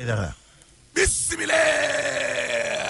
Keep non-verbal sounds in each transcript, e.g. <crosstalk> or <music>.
Bismillah.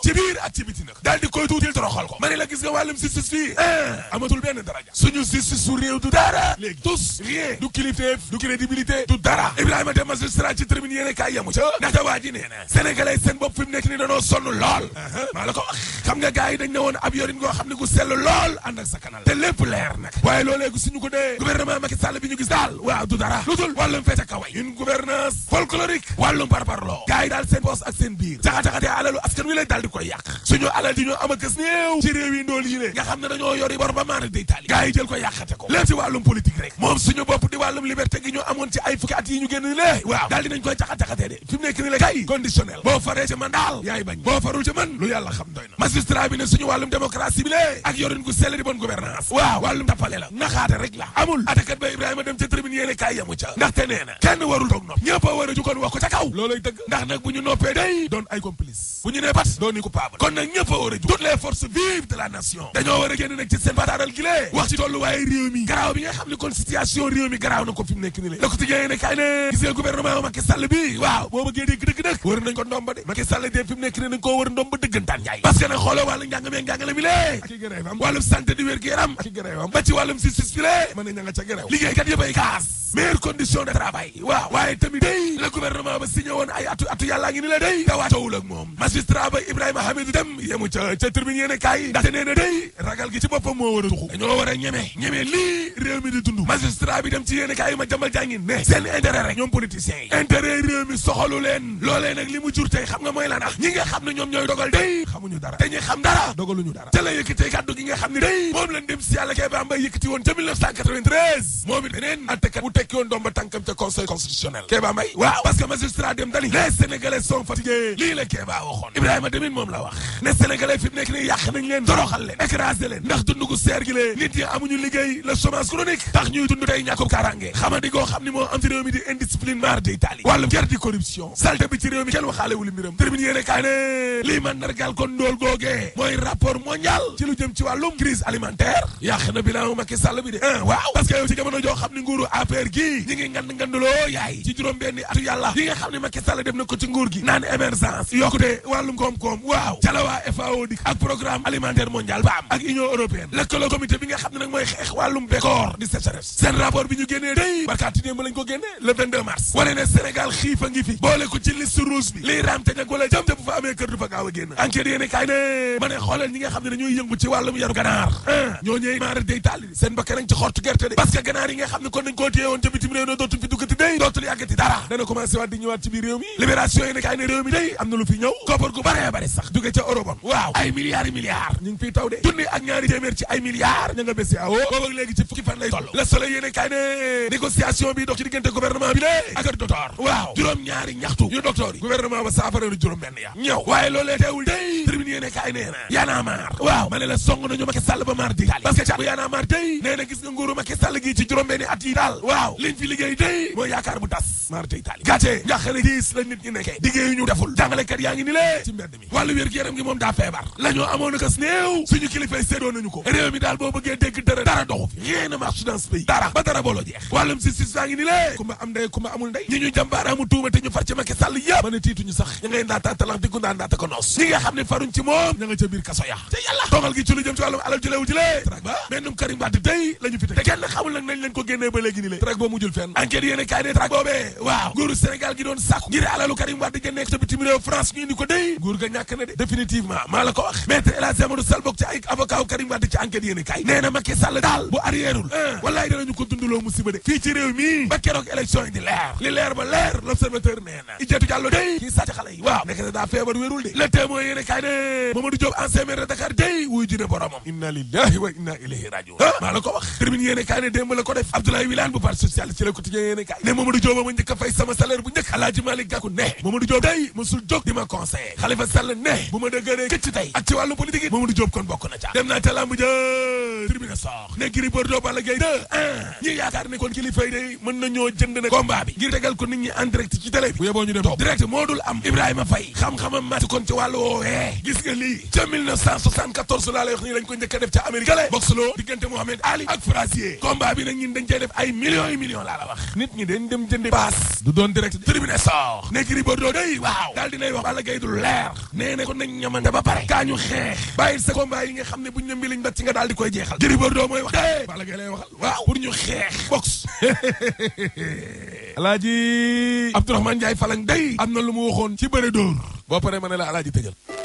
ci biir activité nag daal di koy tuutil toroxal ko ma ne la gis nga wàllum justice fii ah. amatul benn daraja suñu justice su du dara léegi tous rien du kilifteef du crédibilité du dara Ibrahima de magistrat ci tribune yéene kaay yamu ca ndaxte waa ji nee uh-huh. xam ne woon ab yorin goo xam ne te bi ñu gis daal waaw du dara lu alalu askan wi lay dal daal di koy yàq suñu alal di ñu amakas néew ci réew yi ndool yi lée nga xam ne dañoo yori bor ba maana day taali gars yi jël ko yàqate ko lépp ci wàllum politique rek moom suñu bopp di wàllum liberté gi ñu amoon ci ay fukki at yi ñu génn lée waaw daal dinañ koy jaxataxatee de fi nekk ni la kay conditionnel boo faree ci man daal yaay bañ boo farul ci man lu yàlla xam doy na magistrat bi ne suñu wàllum démocratie bi lée ak yorin gu sell di bonne gouvernance a doo ni coupable kon nag ñëpp a war a jug toutes les de la nation dañoo war a ci seen bataaral gi wax ci tolluwaaye réew mi garaaw bi nga xam ne kon situation réew mi garaaw ko fi nekk ni le la kay ne gisee gouvernement Macky Sall bi waaw boo bëggee dégg dëgg nag ko ndomba de Macky Sall de fi mu nekk ni dañ koo wër ndomba dëggantaan njaay di wér gi yaram ak i gëreewam ba ci wàllum justice ca gëreew liggéeykat place meilleures de travail waaw waaye tamit day le gouvernement ba signé woon ay atu atu yàllaa ngi ni la day nga wàccoowul moom magistrat ba Ibrahima Hamidou Dem yemu ca ca tribune yéen a kaay na day ragal gi ci boppam moo war a tuxu dañoo ñeme ñeme lii réew di dund magistrat bi dem ci yéen a ma jambal jàngin ne seen intérêt ñoom politiciens yi intérêt réew mi soxalu li mu jur tey xam nga mooy lan ah. ñi nga xam ne ñoom ñooy dogal day xamuñu tekki woon doom ba tànkam ca constitutionnel Kéba Mbaye waaw parce que dem dani les sénégalais sont fatigués lii la Kéba waxoon Ibrahima Demin moom la wax ne sénégalais fi nekk nii yàq nañ leen toroxal leen ndax dund seer gi lee nit yi amuñu liggéey le chômage chronique tax ñuy dund tey ñàkkub kaaraange xamadi goo moo am ci di indiscipline mar d' Italie wàllum guerre di corruption salte bi ci réew mi kenn waxaale wuli mbiram termine yéene kaa ne lii gii ñi ngi ngand nganduloo yaay ci juróom benni atu yàlla yi nga xam ne Macky Sall na ko ci nguur gi naan émergence yokkute wàllum koom-koom waaw jalawaa FAO dik ak programme alimentaire mondial PAM ak union européenne lëkkaloo comité bi nga xam ne nag mooy xeex wàllum békoor di sécheresse rapport bi ñu génnee tey barkaati démb lañ ko génnee le mars wane Sénégal xiifa ngi boole ko ci liste rouge bi liy raamte nag wala googee du fa gaaw a génn enquête yéene kaay ne ma ne xoolal ñi nga xam ne dañuy yëngu ci wàllum yaru ganaar ah, ñoo ñëy maara day tàlli seen ci xortu gerte de parce ganaar yi nga ne kon dañ koo téye woon bitim réew na dootu fi duggati day dootu yëkkati dara dana commencé waat di ñëwaat ci biir réew mi libération yi ne kay mi day am na lu fi ñëw koppar gu bare bare sax jóge ca Europe waaw ay milliards yi milliards ñu taw de junni ak ñaari téeméer ci ay milliards ña nga bés awo boobu ci fukki fan lay toll la solo yéene kay ne bi dox ci bi de ak docteur waaw juróom ñaari ñaxtu yu docteur yi ba saafara lu juróom ya ñëw waaye loolee teewul day tribune yéene kay nee na France marte gàcce nga xëy gis nit ñi nekkee diggéeyu ñu deful jàngalekat yaa ngi ni lee ci mbedd gi yaram gi moom daa feebar la amoon akas ni ko ya te yàlla dogal gi ci lu jëm génnee ba léegi ni lee trak ba mujjul fenn enquête yéene kaay ne trak de waaw nguuru Sénégal gi doon sàkku ngir alalu Karim Wade ga nekk ca bitim réew France ñu indi ko dey nguur ga ñàkk na de définitivement maa la ko wax maître El Hadji Amadou Sall bokk ci ay avocat wu Karim Wade ci enquête yéen kay nee na Macky Sall daal bu arrièreul wallaay danañu ko dunduloo musiba de fii ci mii ba keroog élection yi di leer li leer ba leer l'observateur nee na Idjatou Diallo dey kii sàcc waaw ah! ne démb la ko ma njëkk fay sama salaire bu njëkk alaaji Malick Gakou ne Mamadou Diop day mosul jóg di ma conseiller Khalifa Sall ne bu ma dëgëree këcc tey ak ci wàllu politique yi Mamadou kon bokk na dem naa ca lamb ja tribune soox ne Gris Bordeaux ne kon kilifa yi day mën nañoo jënd ne combat bi ngir tegal ko nit ñi en ci télé bi bu am Ibrahima Faye xam-xamam màcc kon ci wàllu woowee gis nga lii ca 1974 laa lay wax nii lañ ko njëkk a def ca Amérique la boxloo diggante Mohamed Ali ak Frazier combat bi nag ñun dañ cey ay millions yi millions laa la nit ñi dañ dem jëndi paas du doon direct tribune soox ne Gris Bordeaux day waaw daal di waxal Gris Bordeaux mooy wax tey Balla Gaye lay waxal waaw pour ñu xeex box <laughs> alaaji Abdourahmane Ndiaye Falang day am na lu mu waxoon ci bëre dóor boo paree ma ne la alaaji tëjal